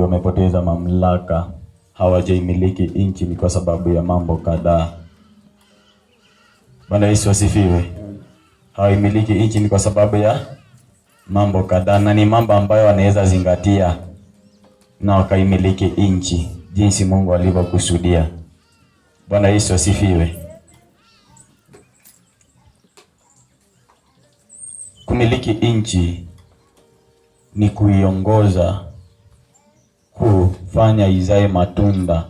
wamepoteza mamlaka, hawajaimiliki nchi, ni kwa sababu ya mambo kadhaa. Bwana Yesu asifiwe. Hawaimiliki nchi ni kwa sababu ya mambo kadhaa, na ni mambo ambayo wanaweza zingatia na wakaimiliki nchi jinsi Mungu alivyokusudia. Bwana Yesu asifiwe. Kumiliki nchi ni kuiongoza kufanya izae matunda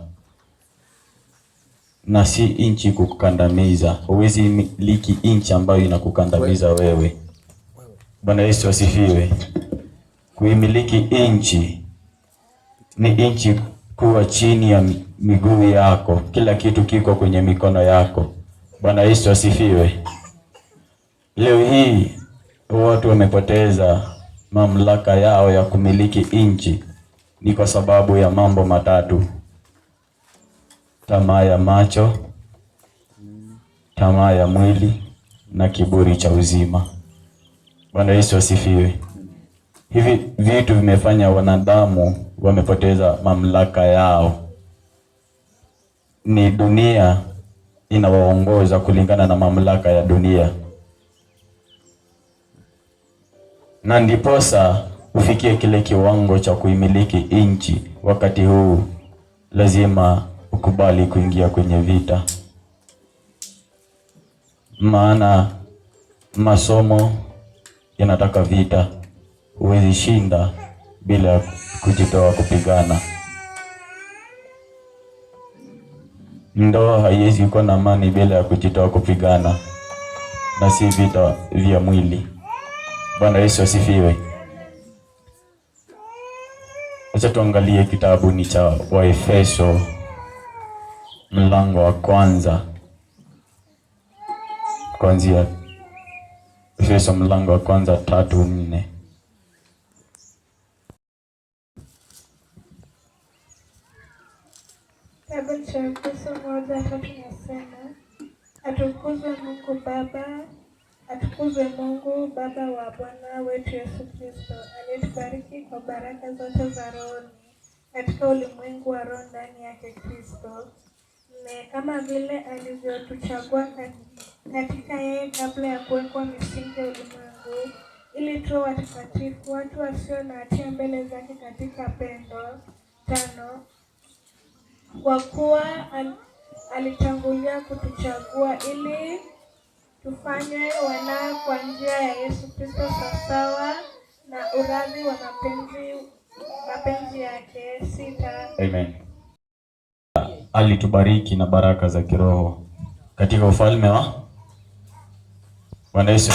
na si inchi kukandamiza Huwezi miliki inchi ambayo inakukandamiza wewe. Bwana Yesu asifiwe. Kuimiliki inchi ni inchi kuwa chini ya miguu yako, kila kitu kiko kwenye mikono yako. Bwana Yesu asifiwe. Leo hii watu wamepoteza mamlaka yao ya kumiliki inchi ni kwa sababu ya mambo matatu: tamaa ya macho, tamaa ya mwili na kiburi cha uzima. Bwana Yesu asifiwe. Hivi vitu vimefanya wanadamu wamepoteza mamlaka yao, ni dunia inawaongoza kulingana na mamlaka ya dunia, na ndiposa ufikie kile kiwango cha kuimiliki nchi, wakati huu lazima ukubali kuingia kwenye vita, maana masomo yanataka vita. Huwezi shinda bila kujitoa kupigana. Ndoa haiwezi kuwa na amani bila ya kujitoa kupigana, na si vita vya mwili. Bwana Yesu asifiwe. Acha tuangalie kitabu ni cha Waefeso mlango wa kwanza kuanzia Efeso mlango wa kwanza tatu nne. Kitabu cha Efeso moja tatu nasema atukuzwe Mungu Baba Atukuzwe Mungu Baba wa Bwana wetu Yesu Kristo, aliyetubariki kwa baraka zote za rohoni katika ulimwengu wa roho ndani yake Kristo. ne kama vile alivyotuchagua katika yeye kabla ya kuwekwa misingi ya ulimwengu, ili tuwe watakatifu, watu wasio na hatia mbele zake katika pendo. Tano, kwa kuwa al, alitangulia kutuchagua ili tufanye wanawe kwa njia ya Yesu Kristo sawasawa na uradhi wa mapenzi mapenzi yake. Sita. Amen. Alitubariki na baraka za kiroho katika ufalme wa Bwana Yesu.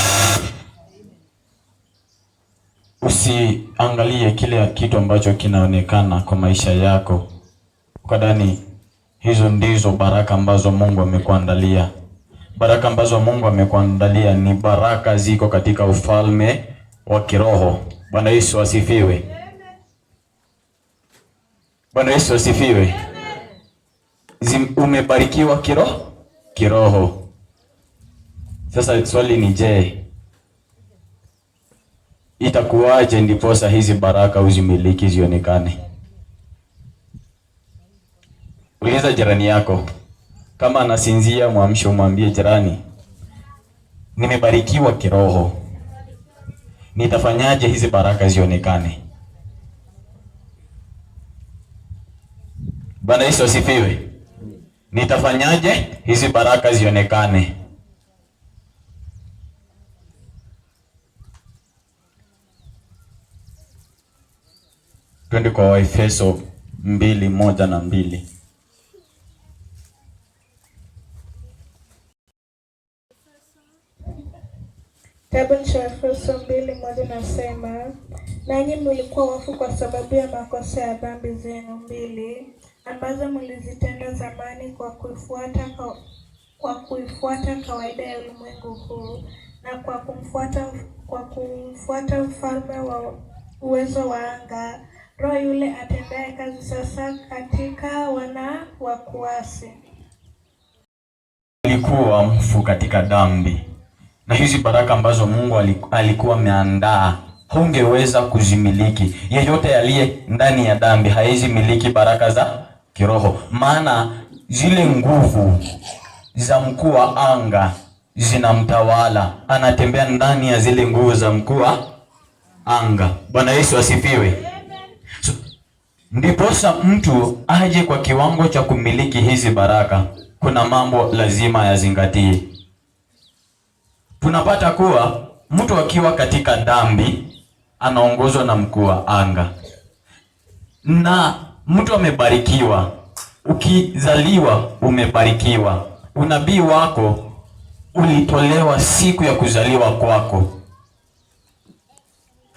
Usiangalie kile kitu ambacho kinaonekana kwa maisha yako, ukadhani hizo ndizo baraka ambazo Mungu amekuandalia baraka ambazo Mungu amekuandalia ni baraka ziko katika ufalme wa kiroho. Bwana Yesu asifiwe. Bwana Yesu asifiwe. Umebarikiwa kiroho, kiroho. Sasa swali ni je, itakuwaje ndiposa hizi baraka uzimiliki zionekane? Uliza jirani yako. Kama anasinzia mwamshe, umwambie jirani, nimebarikiwa kiroho, nitafanyaje hizi baraka zionekane? Bwana Yesu asifiwe. Nitafanyaje hizi baraka zionekane? Twende kwa Waefeso mbili moja na mbili. Kitabu cha Efeso mbili moja nasema, nanyi mlikuwa wafu kwa sababu ya makosa ya dhambi zenu mbili ambazo mlizitenda zamani kwa kuifuata kwa, kwa kuifuata kawaida ya ulimwengu huu na kwa kumfuata kwa kumfuata mfalme wa uwezo wa anga, roho yule atendaye kazi sasa katika wana wa kuasi. Nilikuwa mfu katika dhambi na hizi baraka ambazo Mungu alikuwa ameandaa hungeweza kuzimiliki. Yeyote aliye ndani ya dhambi haizi miliki baraka za kiroho, maana zile nguvu za mkuu wa anga zinamtawala, anatembea ndani ya zile nguvu za mkuu wa anga. Bwana Yesu asifiwe. So, ndiposa mtu aje kwa kiwango cha kumiliki hizi baraka, kuna mambo lazima yazingatie tunapata kuwa mtu akiwa katika dhambi anaongozwa na mkuu wa anga, na mtu amebarikiwa. Ukizaliwa umebarikiwa, unabii wako ulitolewa siku ya kuzaliwa kwako.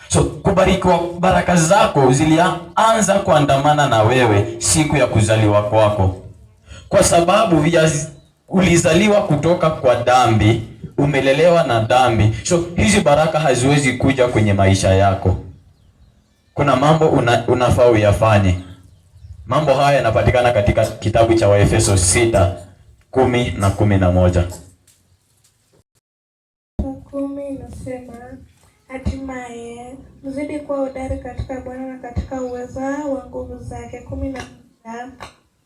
So kubarikiwa, baraka zako zilianza kuandamana na wewe siku ya kuzaliwa kwako, kwa sababu ulizaliwa kutoka kwa dhambi umelelewa na dhambi, so hizi baraka haziwezi kuja kwenye maisha yako. Kuna mambo una, unafaa uyafanye. Mambo haya yanapatikana katika kitabu cha Waefeso sita kumi na kumi na moja. Kumi inasema hatimaye mzidi kuwa hodari katika Bwana na katika uweza wa nguvu zake. kumi na moja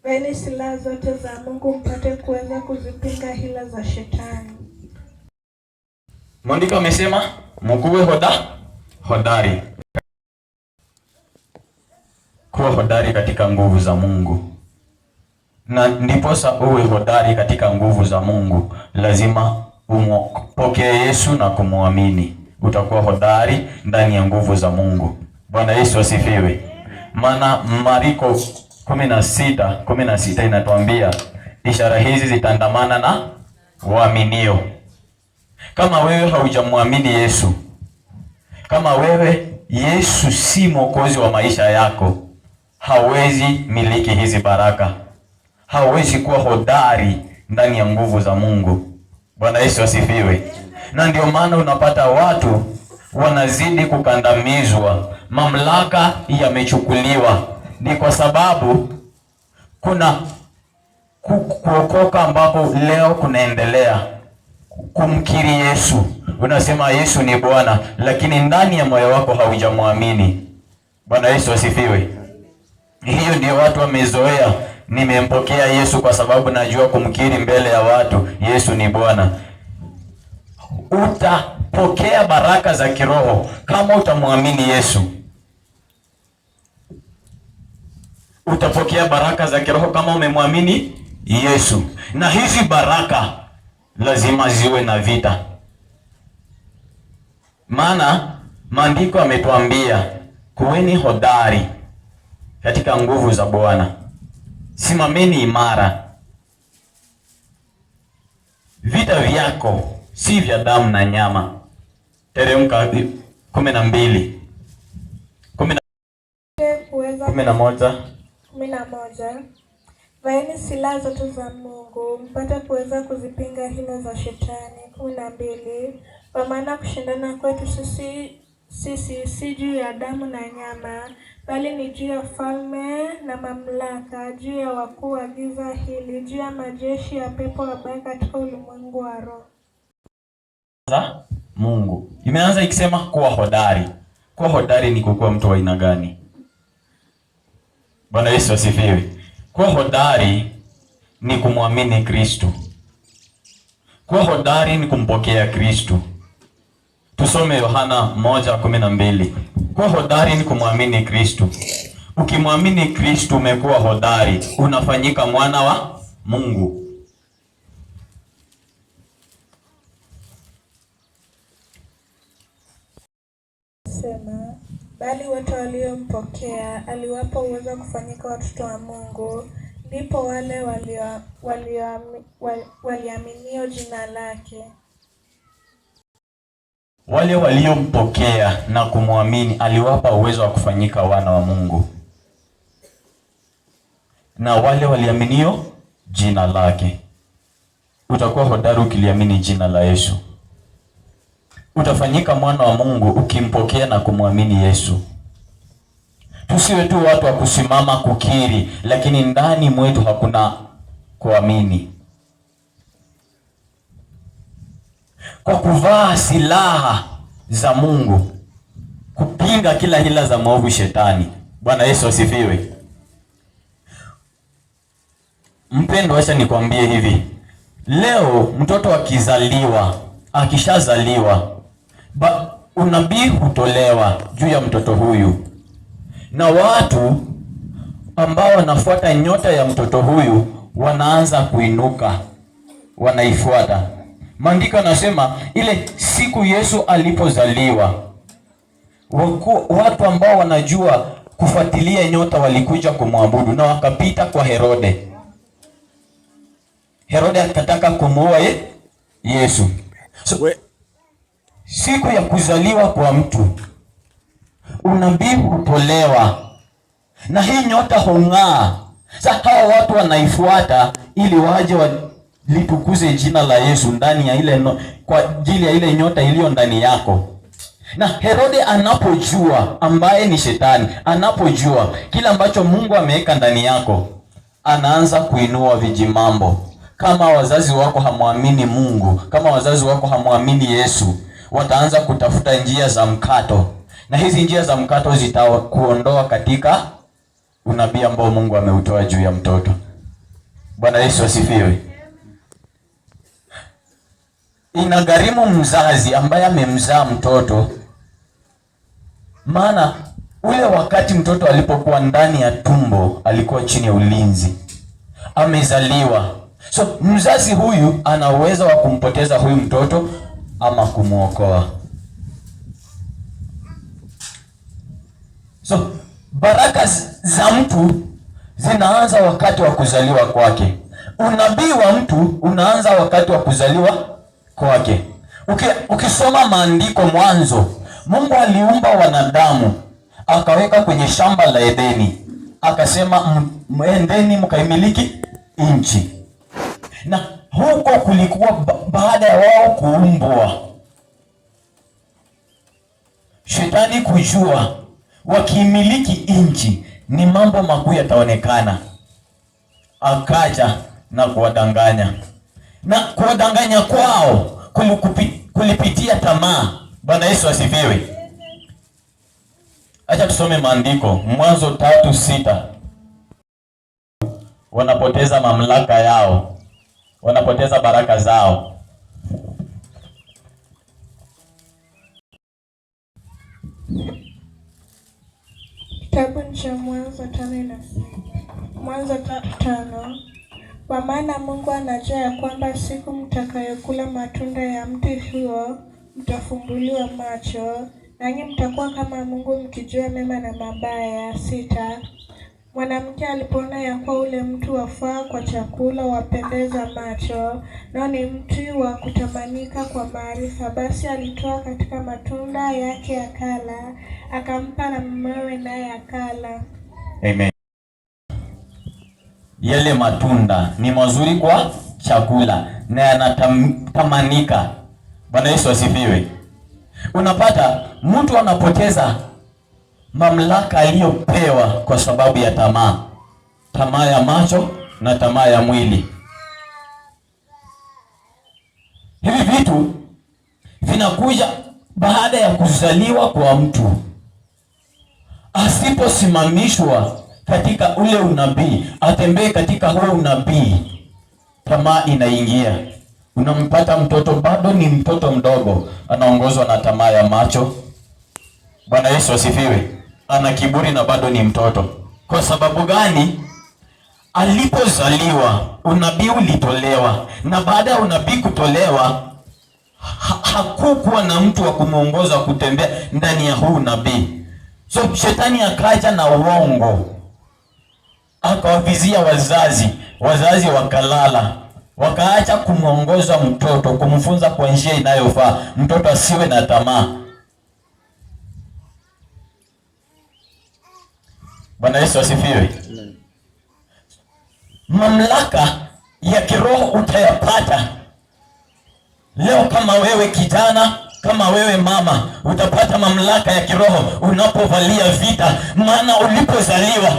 vaeni silaha zote za Mungu mpate kuweza kuzipinga hila za shetani. Mwandiko amesema mkuwe hoda hodari, kuwa hodari katika nguvu za Mungu, na ndiposa uwe hodari katika nguvu za Mungu lazima umpokee Yesu na kumwamini. Utakuwa hodari ndani ya nguvu za Mungu. Bwana Yesu asifiwe. Maana Mariko kumi na sita kumi na sita inatuambia ishara hizi zitaandamana na waaminio. Kama wewe haujamwamini Yesu, kama wewe Yesu si mwokozi wa maisha yako, hawezi miliki hizi baraka, hawezi kuwa hodari ndani ya nguvu za Mungu. Bwana Yesu asifiwe. Na ndio maana unapata watu wanazidi kukandamizwa, mamlaka yamechukuliwa, ni kwa sababu kuna kuokoka ambapo leo kunaendelea kumkiri Yesu, unasema Yesu ni Bwana, lakini ndani ya moyo wako haujamwamini. Bwana Yesu asifiwe. Hiyo ndio watu wamezoea, nimempokea Yesu kwa sababu najua kumkiri mbele ya watu Yesu ni Bwana. Utapokea baraka za kiroho kama utamwamini Yesu. Utapokea baraka za kiroho kama umemwamini Yesu, na hizi baraka lazima ziwe na vita, maana maandiko ametuambia kuweni hodari katika nguvu za Bwana, simameni imara. Vita vyako si vya damu na nyama. Teremka kumi na mbili kumi na moja vaeni silaha zote za Mungu mpate kuweza kuzipinga hila za shetani. kumi na mbili kwa maana kushindana kwetu sisi sisi si juu ya damu na nyama, bali ni juu ya falme na mamlaka, juu ya wakuu wa giza hili, juu ya majeshi ya pepo wabaya katika ulimwengu wa roho za Mungu. Imeanza ikisema kuwa hodari. Kuwa hodari ni kukuwa mtu wa aina gani? Bwana Yesu asifiwe. Kuwa hodari ni kumwamini Kristu. Kuwa hodari ni kumpokea Kristu. Tusome Yohana 1:12. kwa Kuwa hodari ni kumwamini Kristu. Ukimwamini Kristu umekuwa hodari, unafanyika mwana wa Mungu. Bali wote waliompokea aliwapa uwezo wa kufanyika watoto wa Mungu, ndipo wale waliaminio jina lake. Wale waliompokea na kumwamini aliwapa uwezo wa kufanyika wana wa Mungu, na wale waliaminio jina lake. Utakuwa hodari ukiliamini jina la Yesu utafanyika mwana wa Mungu ukimpokea na kumwamini Yesu. Tusiwe tu watu wa kusimama kukiri, lakini ndani mwetu hakuna kuamini. Kwa kuvaa silaha za Mungu kupinga kila hila za mwovu shetani. Bwana Yesu asifiwe. Mpendwa, acha nikwambie hivi leo, mtoto akizaliwa, akishazaliwa ba, unabii hutolewa juu ya mtoto huyu, na watu ambao wanafuata nyota ya mtoto huyu wanaanza kuinuka, wanaifuata. Maandiko anasema ile siku Yesu alipozaliwa, waku, watu ambao wanajua kufuatilia nyota walikuja kumwabudu na wakapita kwa Herode. Herode akataka kumuua Yesu so, siku ya kuzaliwa kwa mtu unabii hutolewa na hii nyota hong'aa. Sasa hawa watu wanaifuata ili waje walitukuze jina la Yesu ndani ya ile no, kwa ajili ya ile nyota iliyo ndani yako. Na Herode anapojua, ambaye ni shetani, anapojua kila ambacho Mungu ameweka ndani yako, anaanza kuinua vijimambo. Kama wazazi wako hamwamini Mungu, kama wazazi wako hamwamini Yesu wataanza kutafuta njia za mkato, na hizi njia za mkato zitakuondoa katika unabii ambao Mungu ameutoa juu ya mtoto. Bwana Yesu asifiwe. Inagharimu mzazi ambaye amemzaa mtoto, maana ule wakati mtoto alipokuwa ndani ya tumbo alikuwa chini ya ulinzi, amezaliwa. So mzazi huyu ana uwezo wa kumpoteza huyu mtoto ama kumwokoa. So baraka za mtu zinaanza wakati wa kuzaliwa kwake. Unabii wa mtu unaanza wakati wa kuzaliwa kwake. Ukisoma maandiko Mwanzo, Mungu aliumba wanadamu akaweka kwenye shamba la Edeni, akasema, mwendeni mkaimiliki nchi na huko kulikuwa baada ya wao kuumbwa, shetani kujua wakimiliki nchi ni mambo makuu yataonekana, akaja na kuwadanganya na kuwadanganya kwao kulipitia tamaa. Bwana Yesu asifiwe. Acha tusome maandiko, Mwanzo tatu sita. Wanapoteza mamlaka yao wanapoteza baraka zao. Kitabu cha Mwanzo tano na Mwanzo tano kwa maana Mungu anajua ya kwamba siku mtakayokula matunda ya mti huo mtafumbuliwa macho, nanyi mtakuwa kama Mungu mkijua mema na mabaya. sita Mwanamke alipoona ya kuwa ule mti wafaa kwa chakula, wapendeza macho, nao ni mti wa kutamanika kwa maarifa, basi alitoa katika matunda yake ya kala akampa na mmewe naye akala. Amen. Yale matunda ni mazuri kwa chakula na yanatamanika. Bwana Yesu asifiwe. Unapata mtu anapoteza mamlaka aliyopewa kwa sababu ya tamaa, tamaa ya macho na tamaa ya mwili. Hivi vitu vinakuja baada ya kuzaliwa kwa mtu, asiposimamishwa katika ule unabii, atembee katika huo unabii, tamaa inaingia. Unampata mtoto bado ni mtoto mdogo, anaongozwa na tamaa ya macho. Bwana Yesu asifiwe ana kiburi na bado ni mtoto. Kwa sababu gani? Alipozaliwa unabii ulitolewa, na baada ya unabii kutolewa ha hakukuwa na mtu wa kumwongoza kutembea ndani ya huu nabii So shetani akaja na uongo akawavizia wazazi, wazazi wakalala, wakaacha kumwongoza mtoto, kumfunza kwa njia inayofaa, mtoto asiwe na tamaa. Bwana Yesu asifiwe. Mamlaka ya kiroho utayapata leo kama wewe kijana kama wewe mama utapata mamlaka ya kiroho unapovalia vita, maana ulipozaliwa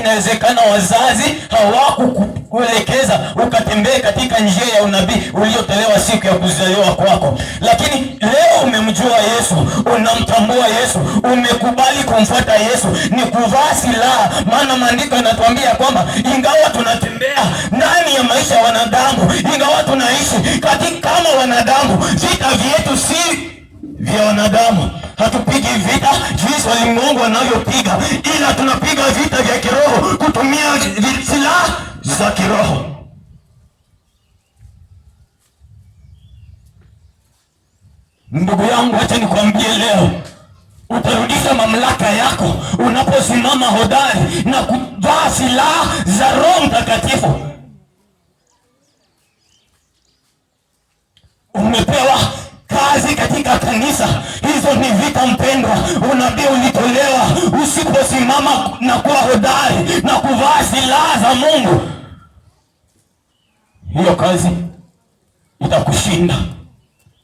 inawezekana wazazi hawakukuelekeza ukatembee katika njia ya unabii uliotolewa siku ya kuzaliwa kwako, lakini leo umemjua Yesu, unamtambua Yesu, umekubali kumfuata Yesu, ni kuvaa silaha. Maana maandiko yanatuambia kwamba ingawa tunatembea ndani ya maisha ya wanadamu, ingawa tunaishi katika kama wanadamu, vita vyetu si vya wanadamu. Hatupigi vita jinsi walimwengu wanavyopiga, ila tunapiga vita vya kiroho kutumia silaha za kiroho. Ndugu yangu, acha nikwambie leo, utarudisha mamlaka yako unaposimama hodari na kuvaa silaha za Roho Mtakatifu. Umepewa katika kanisa. Hizo ni vita mpendwa, unabii ulitolewa. Usiposimama na kuwa hodari na kuvaa silaha za Mungu, hiyo kazi itakushinda.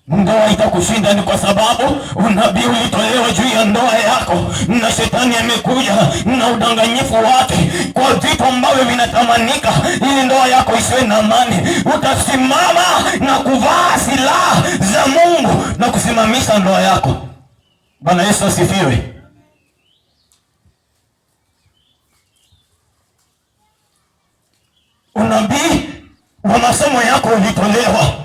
Ndoa itakushinda ni kwa sababu unabii ulitolewa juu ya ndoa yako, na shetani amekuja na udanganyifu wake kwa vitu ambavyo vinatamanika ili ndoa yako isiwe na amani. Utasimama na kuvaa silaha za Mungu na kusimamisha ndoa yako. Bwana Yesu asifiwe. Unabii wa masomo yako ulitolewa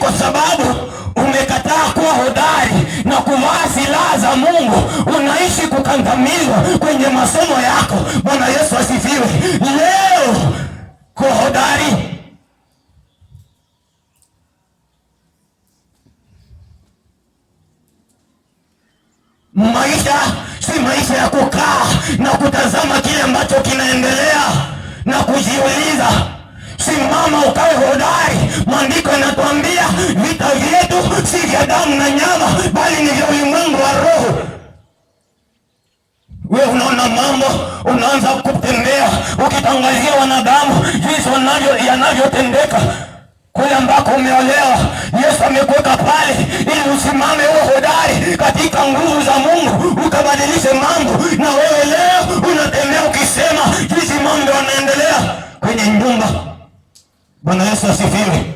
kwa sababu umekataa kuwa hodari na kuvaa silaha za Mungu, unaishi kukangamizwa kwenye masomo yako. Bwana Yesu asifiwe. Leo kwa hodari maisha si maisha ya kukaa na kutazama kile ambacho kinaendelea na kujiuliza Simama ukawe hodari. Maandiko yanatuambia vita vyetu si vya damu na nyama, bali ni vya ulimwengu wa roho. We unaona mambo, unaanza kutembea ukitangazia wanadamu jinsi wanavyo yanavyotendeka kule ambako umeolewa. Yesu amekuweka pale ili usimame uwe hodari katika nguvu za Mungu ukabadilishe mambo na wewe leo Bueno, eso sí, fiebre.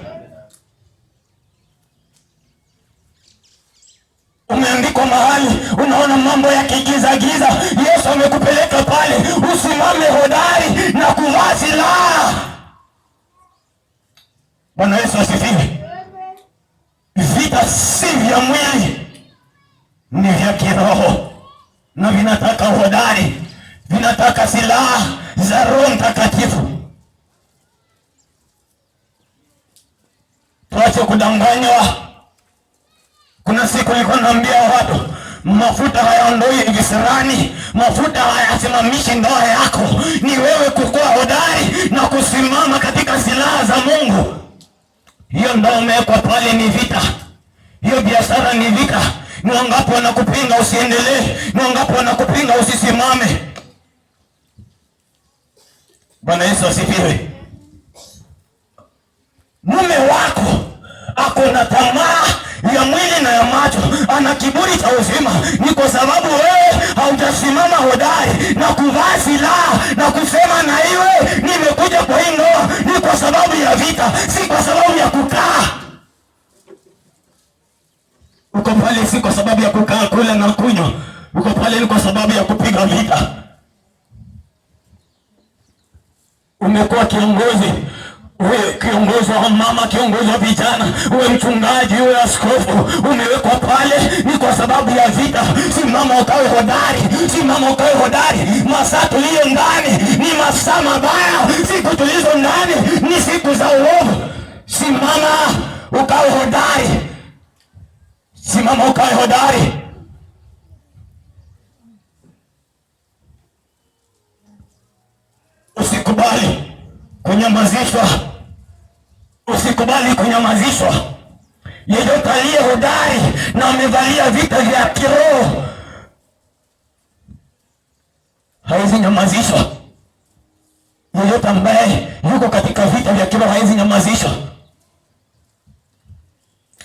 kudanganywa. Kuna siku nilikuwa naambia watu mafuta hayaondoi visirani, mafuta hayasimamishi ndoa yako. Ni wewe kukoa hodari na kusimama katika silaha za Mungu. Hiyo ndoa umewekwa pale ni vita, hiyo biashara ni vita. Ni wangapi wanakupinga usiendelee? Ni wangapi wanakupinga usisimame? Bwana Yesu asifiwe. Mume wako ako na tamaa ya mwili na ya macho, ana kiburi cha uzima. Ni kwa sababu wewe haujasimama hodari na kuvaa silaha na kusema na iwe nimekuja kwa hii ndoa, ni kwa sababu ya vita, si kwa sababu ya kukaa uko pale, si kwa sababu ya kukaa kula na kunywa. Uko pale ni kwa sababu ya kupiga vita. Umekuwa kiongozi wewe kiongozi wa mama, kiongozi wa vijana, uwe mchungaji, uwe askofu, umewekwa pale ni kwa sababu ya vita. Simama ukawe hodari, simama ukawe hodari. Masaa tuliyo ndani ni masaa mabaya, siku tulizo ndani ni siku za uovu. Simama ukawe hodari, simama ukawe hodari. Usikubali kunyamazishwa. Usikubali kunyamazishwa. Yeyote aliye hodari na amevalia vita vya kiroho hawezi nyamazishwa. Yeyote ambaye yuko katika vita vya kiroho hawezi nyamazishwa.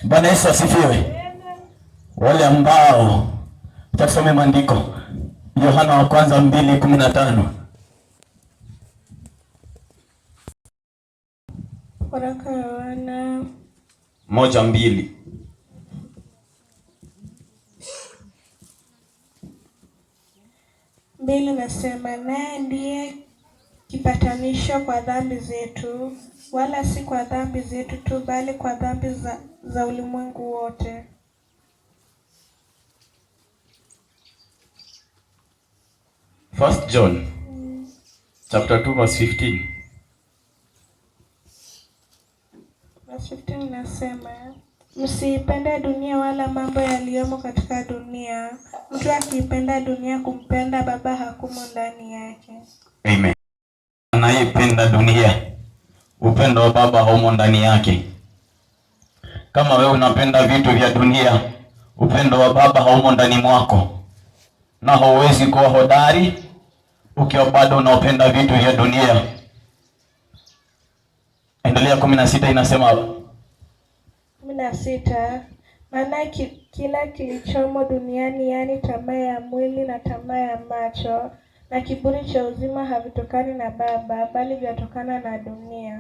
Bwana Yesu asifiwe. Wale ambao, tutasome maandiko Yohana wa kwanza mbili kumi na tano. Waraka wa wana moja mbili mbili nasema, naye ndiye kipatanisho kwa dhambi zetu, wala si kwa dhambi zetu tu, bali kwa dhambi za, za ulimwengu wote. First John chapter 2 verse 15 15 inasema msiipende dunia wala mambo yaliyomo katika dunia. Mtu akiipenda dunia, kumpenda Baba hakumo ndani yake. Amen. Anaipenda dunia, upendo wa Baba haumo ndani yake. Kama wewe unapenda vitu vya dunia, upendo wa Baba haumo ndani mwako, na hauwezi kuwa hodari ukiwa bado unaopenda vitu vya dunia. Endelea kumi na sita inasema kumi na sita maana kila kilichomo duniani yaani tamaa ya mwili na tamaa ya macho na kiburi cha uzima havitokani na Baba bali vyatokana na dunia.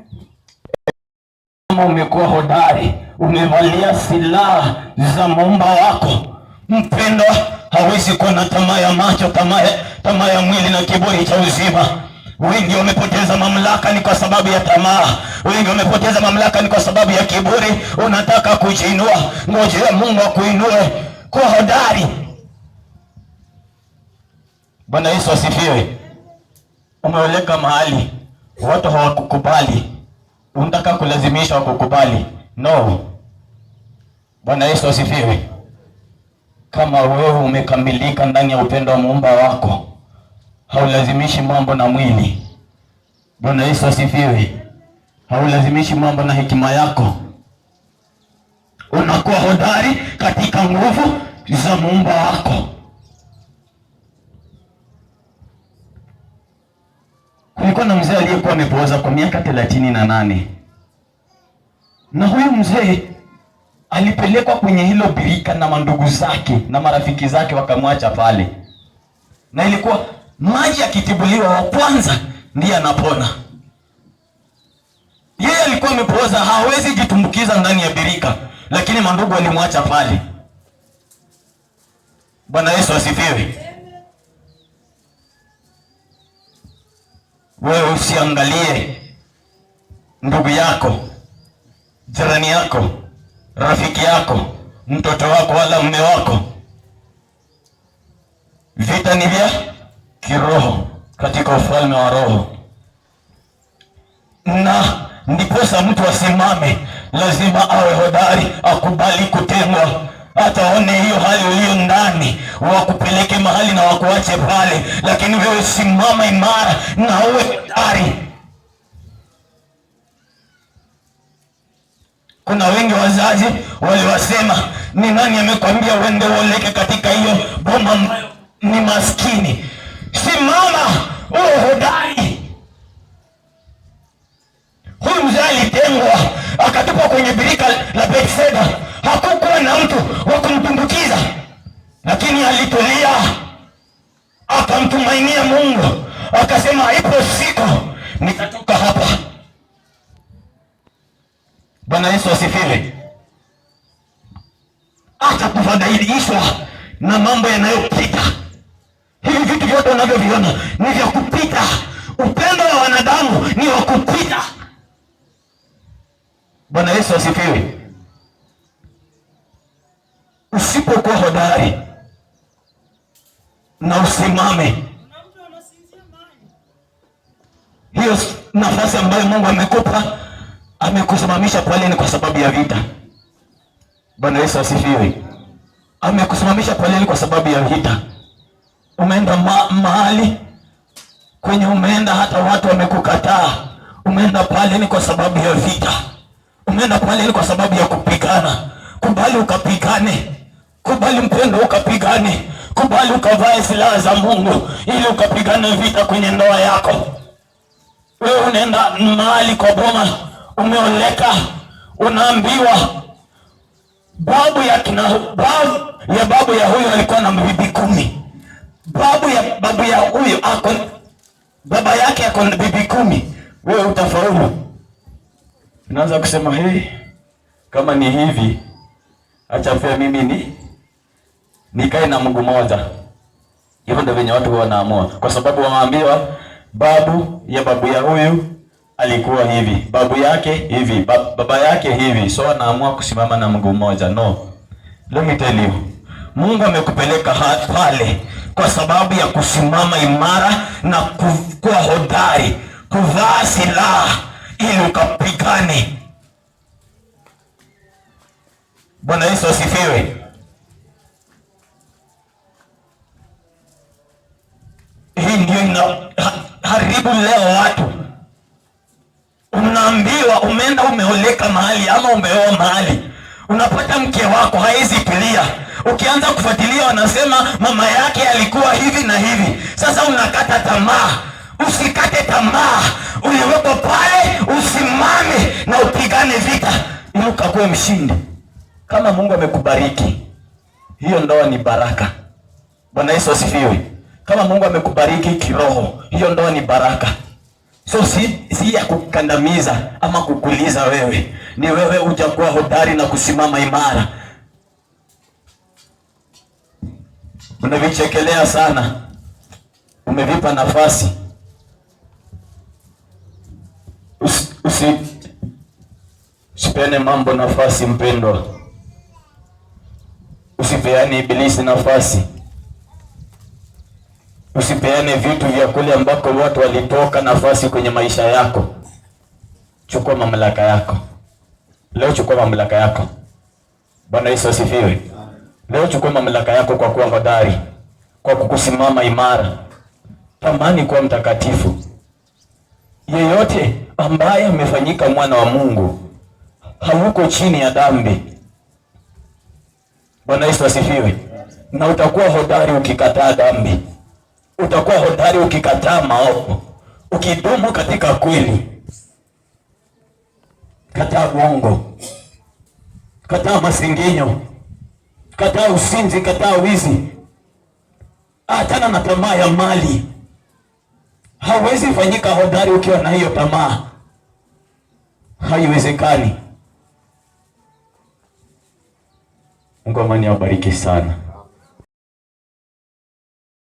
Kama umekuwa hodari, umevalia silaha za muumba wako mpendwa, hawezi kuwa na tamaa ya macho, tamaa ya mwili na kiburi cha uzima. Wengi wamepoteza mamlaka ni kwa sababu ya tamaa, wengi wamepoteza mamlaka ni kwa sababu ya kiburi. Unataka kujiinua, ngojea Mungu akuinue. kwa hodari. Bwana Yesu asifiwe. Umeoleka mahali watu hawakukubali, unataka kulazimisha wakukubali? No. Bwana Yesu asifiwe. Kama wewe umekamilika ndani ya upendo wa muumba wako haulazimishi mambo na mwili. Bwana Yesu asifiwe. Haulazimishi mambo na hekima yako, unakuwa hodari katika nguvu za muumba wako Kulikuwa na mzee aliyekuwa amepooza kwa miaka thelathini na nane na huyu mzee alipelekwa kwenye hilo birika na mandugu zake na marafiki zake, wakamwacha pale, na ilikuwa maji akitibuliwa, wa kwanza ndiye anapona. Yeye alikuwa amepooza, hawezi jitumbukiza ndani ya birika, lakini mandugu alimwacha pale. Bwana Yesu asifiwe. Wewe usiangalie ndugu yako, jirani yako, rafiki yako, mtoto wako wala mme wako, vita ni vya kiroho katika ufalme wa Roho, na ndiposa mtu asimame, lazima awe hodari, akubali kutengwa, hata one hiyo hali uliyo ndani, wakupeleke mahali na wakuache pale, lakini wewe simama imara na uwe hodari. Kuna wengi wazazi waliwasema, ni nani amekwambia uende uoleke katika hiyo bomba? Ni maskini Simama uwe hodari. Huyu mzee alitengwa akatupwa kwenye birika la Bethesda. Hakukuwa na mtu wa kumtumbukiza, lakini alitulia akamtumainia Mungu, akasema ipo siku nitatoka hapa. Bwana Yesu asifiwe. Hata na mambo yanayopita Hivi vitu vyote unavyoviona ni vya kupita. Upendo wa wanadamu ni wa kupita. Bwana Yesu asifiwe. Usipokuwa hodari na usimame hiyo nafasi ambayo Mungu amekupa, amekusimamisha pale kwa sababu ya vita. Bwana Yesu asifiwe. Amekusimamisha pale kwa sababu ya vita umeenda ma mahali kwenye umeenda, hata watu wamekukataa. Umeenda pale ni kwa sababu ya vita, umeenda pale ni kwa sababu ya kupigana. Kubali ukapigane, kubali mpendo, ukapigane, kubali ukavae silaha za Mungu ili ukapigane vita kwenye ndoa yako. Wewe unaenda mahali kwa boma, umeoleka, unaambiwa babu ya kina babu ya babu ya huyo alikuwa na bibi kumi babu ya babu ya huyo ako baba yake ako na bibi kumi, wewe utafaulu. Naanza kusema hey, kama ni hivi, acha pia mimi ni nikae na Mungu moja. Hivyo ndio venye watu wanaamua, kwa sababu wameambiwa babu ya babu ya huyu alikuwa hivi, babu yake hivi, ba baba yake hivi, so anaamua kusimama na Mungu mmoja. No, let me tell you, Mungu amekupeleka pale kwa sababu ya kusimama imara na kuwa hodari, kuvaa silaha ili ukapigane. Bwana Yesu asifiwe. Hii ndio inaharibu leo watu. Unaambiwa umeenda umeoleka mahali ama umeoa mahali, unapata mke wako haizi tulia ukianza kufuatilia wanasema mama yake alikuwa hivi na hivi. Sasa unakata tamaa. Usikate tamaa, uliweko pale, usimame na upigane vita ili ukakuwe mshindi. Kama Mungu amekubariki, hiyo ndoa ni baraka. Bwana Yesu asifiwe. Kama Mungu amekubariki kiroho, hiyo ndoa ni baraka. So si, si ya kukandamiza ama kukuliza wewe, ni wewe ujakuwa hodari na kusimama imara. unavichekelea sana, umevipa nafasi. Usi, usi, mambo nafasi, mpendwa, usipeane ibilisi nafasi, usipeane vitu vya kule ambako watu walitoka nafasi kwenye maisha yako. Chukua mamlaka yako leo, chukua mamlaka yako. Bwana Yesu asifiwe. Leo chukua mamlaka yako kwa kuwa hodari, kwa kukusimama imara. Tamani kuwa mtakatifu. Yeyote ambaye amefanyika mwana wa Mungu hauko chini ya dhambi. Bwana Yesu asifiwe. Na utakuwa hodari ukikataa dhambi, utakuwa hodari ukikataa maovu, ukidumu katika kweli. Kataa uongo, kataa masinginyo kataa usinzi, kataa wizi, achana na tamaa ya mali. Hauwezi fanyika hodari ukiwa na hiyo tamaa, haiwezekani. Mungu amani awabariki sana.